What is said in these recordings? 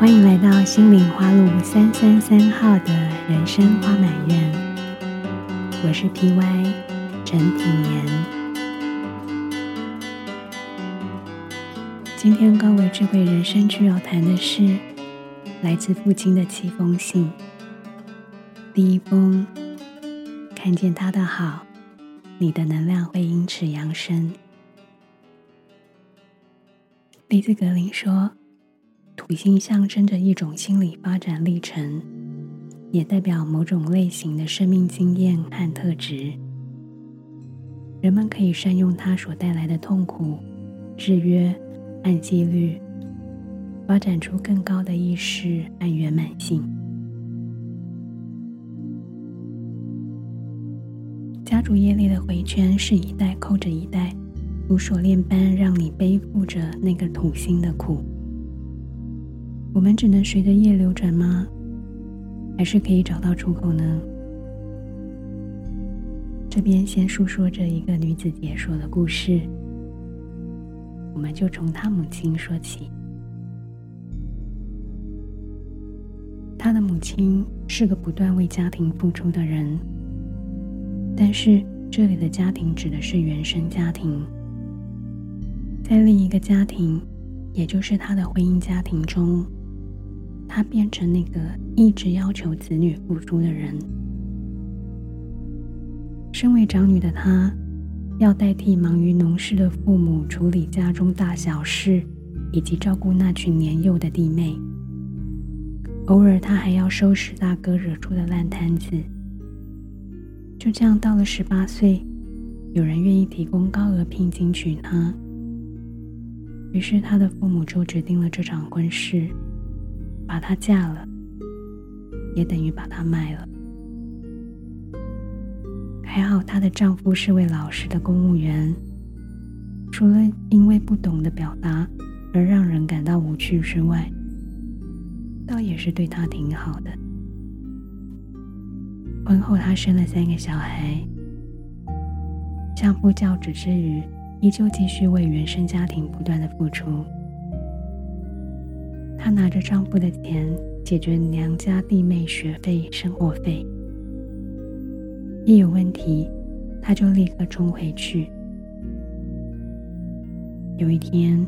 歡迎來到心靈花路三三三號的人生花滿院，我是 P.Y. 陳品妍。今天高維智慧人生劇要談的是來自父親的七封信。第一封，看見他的好，你的能量會因此揚升。麗茲格林說土星象徵着一種心理發展歷程，也代表某種類型的生命經驗和特質。人們可以善用它所帶來的痛苦、制約和紀律，發展出更高的意識和圓滿性。家族業力的回圈是一代扣着一代，如鎖鏈般讓你背負着那個土星的苦。我們只能隨着業流轉嗎？還是可以找到出口呢？這邊先述說着一個女子解說的故事。我們就從她母親說起。她的母親是個不斷為家庭付出的人，但是這裡的家庭指的是原生家庭，在另一個家庭，也就是她的婚姻家庭中。他變成那個一直要求子女付出的人。身為長女的他，要代替忙於農事的父母處理家中大小事，以及照顧那群年幼的弟妹。偶爾，他還要收拾大哥惹出的爛攤子。就這樣，到了十八歲，有人願意提供高額聘金娶她。於是，他的父母就決定了這場婚事。把她嫁了，也等於把她賣了。還好她的丈夫是位老實的公務員，除了因為不懂得表達而讓人感到無趣之外，倒也是對她挺好的。婚後她生了三個小孩，相夫教子之餘，依舊繼續為原生家庭不斷的付出。她拿着丈夫的錢解決娘家弟妹學費、生活費。一有問題，她就立刻衝回去。有一天，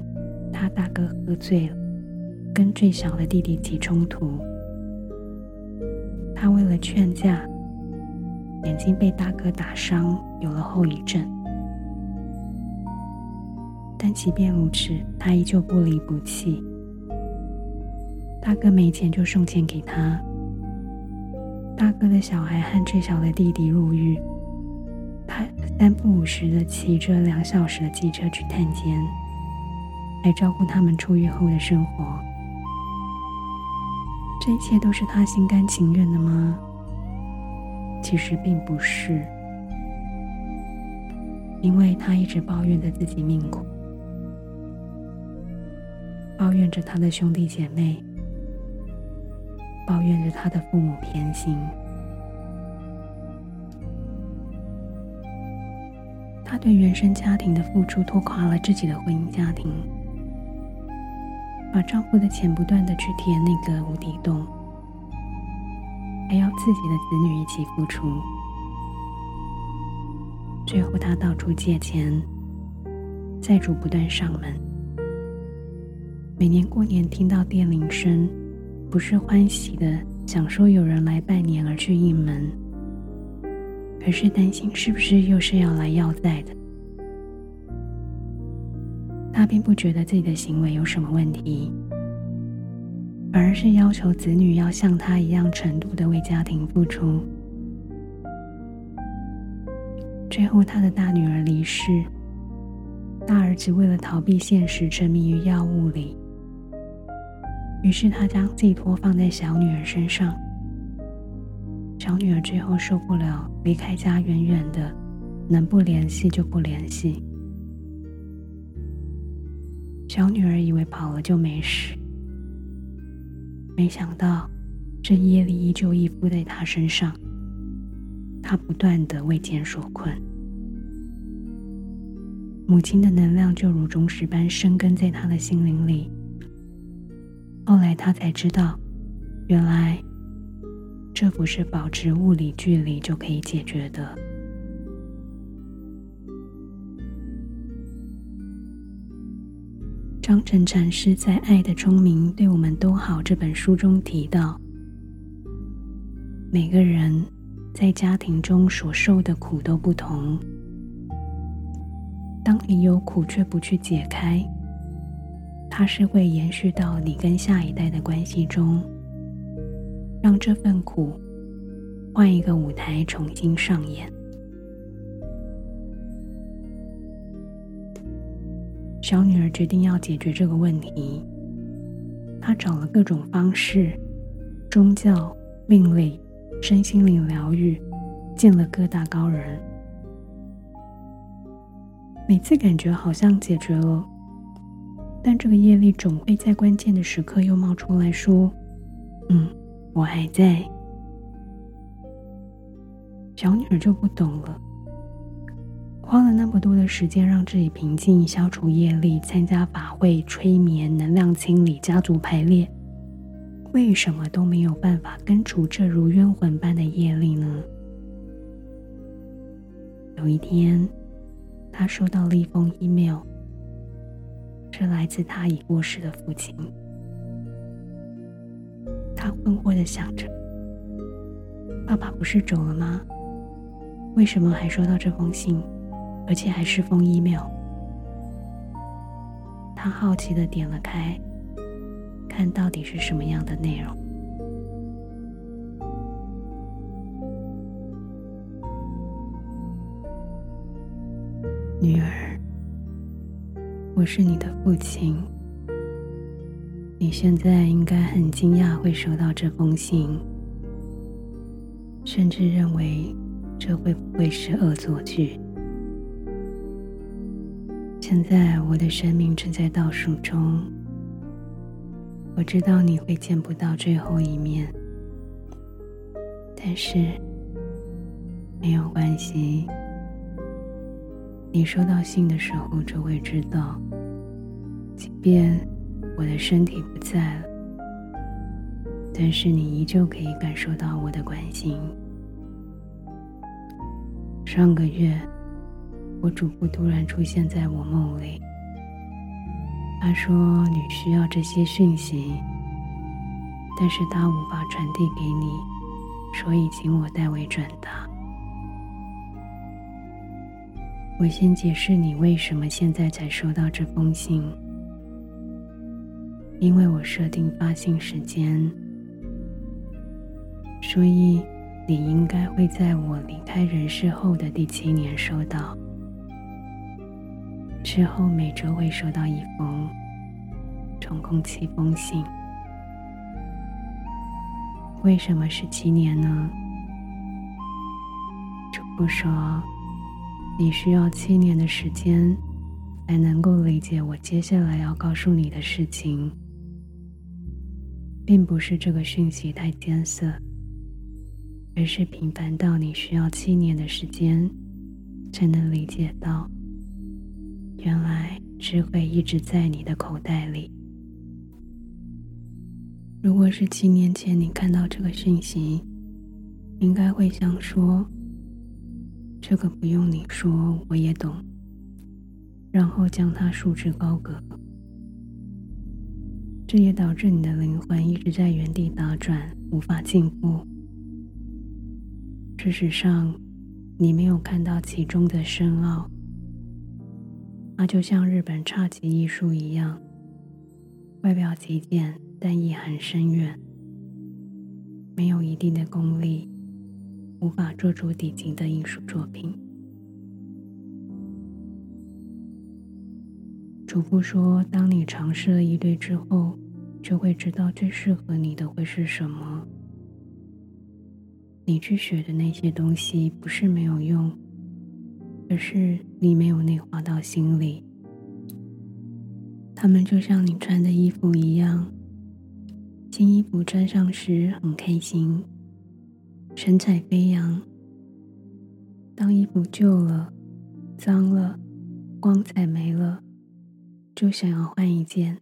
她大哥喝醉了，跟最小的弟弟起衝突。她為了勸架，眼睛被大哥打傷，有了後遺症。但即便如此，她依舊不離不棄。大哥沒錢就送錢給他。大哥的小孩和最小的弟弟入獄，他三不五時的騎着兩小時的機車去探監，來照顧他們出獄後的生活。這一切都是他心甘情願的嗎？其實並不是，因為他一直抱怨着自己命苦，抱怨着他的兄弟姐妹。抱怨着他的父母偏心，他對原生家庭的付出拖垮了自己的婚姻家庭，把丈夫的錢不斷的去填那個無底洞，還要自己的子女一起付出，最後他到處借錢，債主不斷上門，每年過年聽到電鈴聲。不是歡喜的想說有人來拜年，而去應門，而是擔心是不是又是要來要債的。他並不覺得自己的行為有什麼問題，反而是要求子女要像他一樣程度的為家庭付出。最後，他的大女兒離世，大兒子為了逃避現實，沉迷於藥物裡。於是他將寄托放在小女兒身上。小女兒最後受不了，離開家遠遠的，能不聯繫就不聯繫。小女兒以為跑了就沒事，沒想到這業力依舊依附在她身上。她不斷的為錢所困，母親的能量就如鐘石般深根在她的心靈裡。後來他才知道，原來這不是保持物理距離就可以解決的。張晨禪師在《愛的鐘鳴》對我們都好這本書中提到，每個人在家庭中所受的苦都不同，當你有苦卻不去解開。它是會延續到你跟下一代的關係中，讓這份苦換一個舞台重新上演。小女兒決定要解決這個問題，她找了各種方式：宗教、命理、身心靈療癒，見了各大高人，每次感覺好像解決了。但這個業力總會在關鍵的時刻又冒出來說：“嗯，我還在。”小女兒就不懂了，花了那麼多的時間讓自己平靜、消除業力、參加法會、催眠、能量清理、家族排列，為什麼都沒有辦法根除這如冤魂般的業力呢？有一天，她收到了一封 email。是來自他已過世的父親。他困惑的想着：“爸爸不是走了嗎？為什麼還收到這封信，而且還是封 email？” 他好奇的點了開，看到底是什麼樣的內容。女兒。我是你的父親，你現在應該很驚訝會收到這封信，甚至認為這會不會是惡作劇？現在我的生命正在倒數中，我知道你會見不到最後一面，但是沒有關係。你收到信的時候就會知道，即便我的身體不在了，但是你依舊可以感受到我的關心。上個月，我曾祖父突然出現在我夢裡，他說你需要這些訊息，但是他無法傳遞給你，所以請我代為轉達。我先解釋你為什麼現在才收到這封信，因為我設定發信時間，所以你應該會在我離開人世後的第七年收到。之後每周會收到一封，總共七封信。為什麼是七年呢？主播說。你需要七年的時間，才能夠理解我接下來要告訴你的事情，並不是這個訊息太艱澀，而是平凡到你需要七年的時間，才能理解到，原來智慧一直在你的口袋裡。如果是七年前你看到這個訊息，應該會想說。這個不用你說，我也懂。然後將它束之高閣，這也導致你的靈魂一直在原地打轉，無法進步。事實上，你沒有看到其中的深奧，它就像日本侘寂藝術一樣，外表極簡，但意涵深遠。沒有一定的功力。無法做出頂級的藝術作品。祖父說：“當你嘗試了一堆之後，就會知道最適合你的會是什麼。你去學的那些東西不是沒有用，而是你沒有內化到心裡。他們就像你穿的衣服一樣，新衣服穿上時很開心。”神采飛揚。當衣服舊了、髒了、光彩沒了，就想要換一件；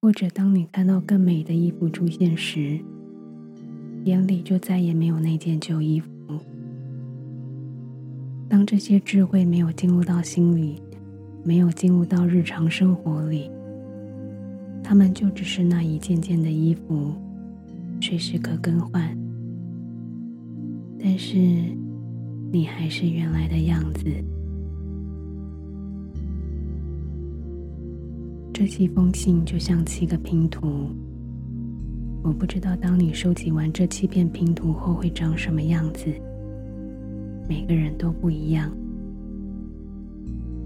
或者當你看到更美的衣服出現時，眼裡就再也沒有那件舊衣服。當這些智慧沒有進入到心裡，沒有進入到日常生活裡，他們就只是那一件件的衣服，隨時可更換。但是，你還是原來的樣子。這七封信就像七個拼圖，我不知道當你收集完這七片拼圖後會長什麼樣子。每個人都不一樣。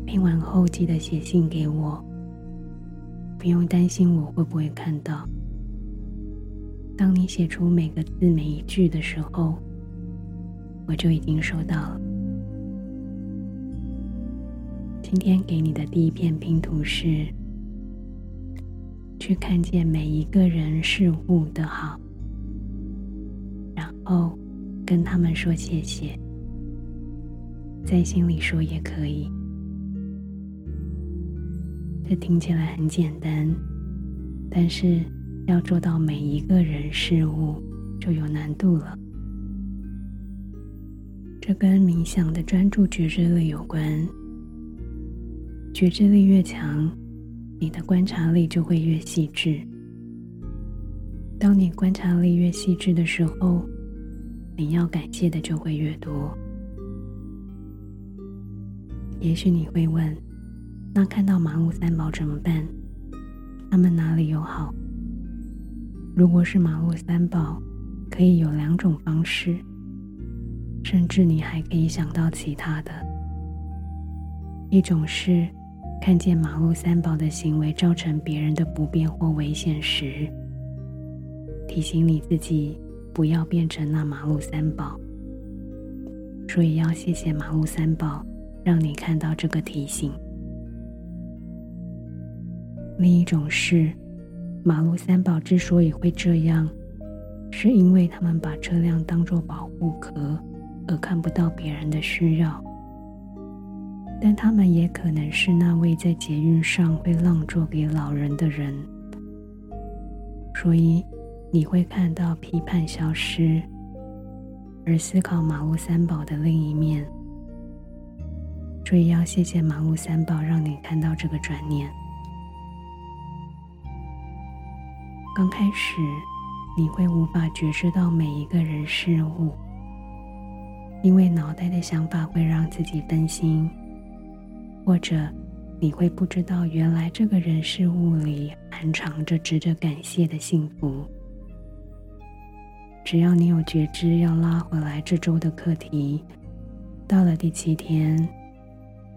拼完後記得寫信給我，不用擔心我會不會看到。當你寫出每個字、每一句的時候。我就已經收到了。今天給你的第一片拼圖是：去看見每一個人事物的好，然後跟他們說謝謝，在心裡說也可以。這聽起來很簡單，但是要做到每一個人事物就有難度了。這跟冥想的專注覺知力有關。覺知力越強，你的觀察力就會越細緻。當你觀察力越細緻的時候，你要感謝的就會越多。也許你會問，那看到馬路三寶怎麼辦？他們哪裡有好？如果是馬路三寶，可以有兩種方式。甚至你還可以想到其他的，一種是看見馬路三寶的行為造成別人的不便或危險時，提醒你自己不要變成那馬路三寶，所以要謝謝馬路三寶讓你看到這個提醒。另一種是，馬路三寶之所以會這樣，是因為他們把車輛當作保護殼。而看不到別人的需要，但他們也可能是那位在捷運上會讓座給老人的人。所以你會看到批判消失，而思考馬路三寶的另一面。所以要謝謝馬路三寶，讓你看到這個轉念。剛開始你會無法覺知到每一個人事物。因為腦袋的想法會讓自己分心，或者你會不知道原來這個人事物裡暗藏着值得感謝的幸福。只要你有覺知要拉回來，這週的課題，到了第七天，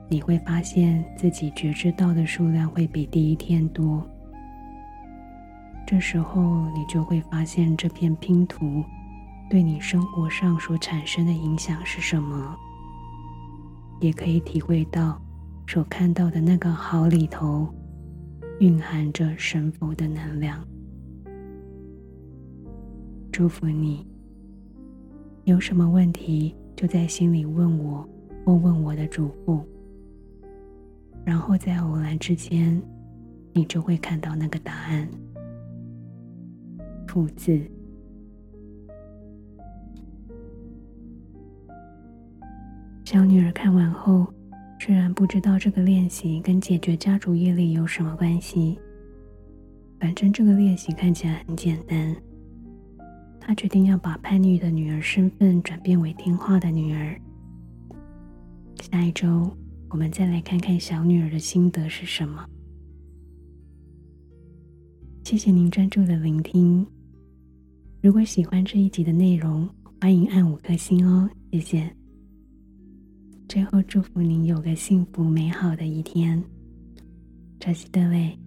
你會發現自己覺知到的數量會比第一天多。這時候你就會發現這片拼圖對你生活上所產生的影響是什麼？也可以體會到，所看到的那個好裡頭，蘊含着神佛的能量。祝福你。有什麼問題，就在心裡問我，問問我的祖父。然後在偶然之間，你就會看到那個答案。父字。小女兒看完後，雖然不知道這個練習跟解決家族業力有什麼關係，反正這個練習看起來很簡單。她決定要把叛逆的女兒身份轉變為聽話的女兒。下一周我們再來看看小女兒的心得是什麼。謝謝您專注的聆聽。如果喜歡這一集的內容，歡迎按五顆星哦，謝謝。最後祝福你有個幸福美好的一天，扎西德勒。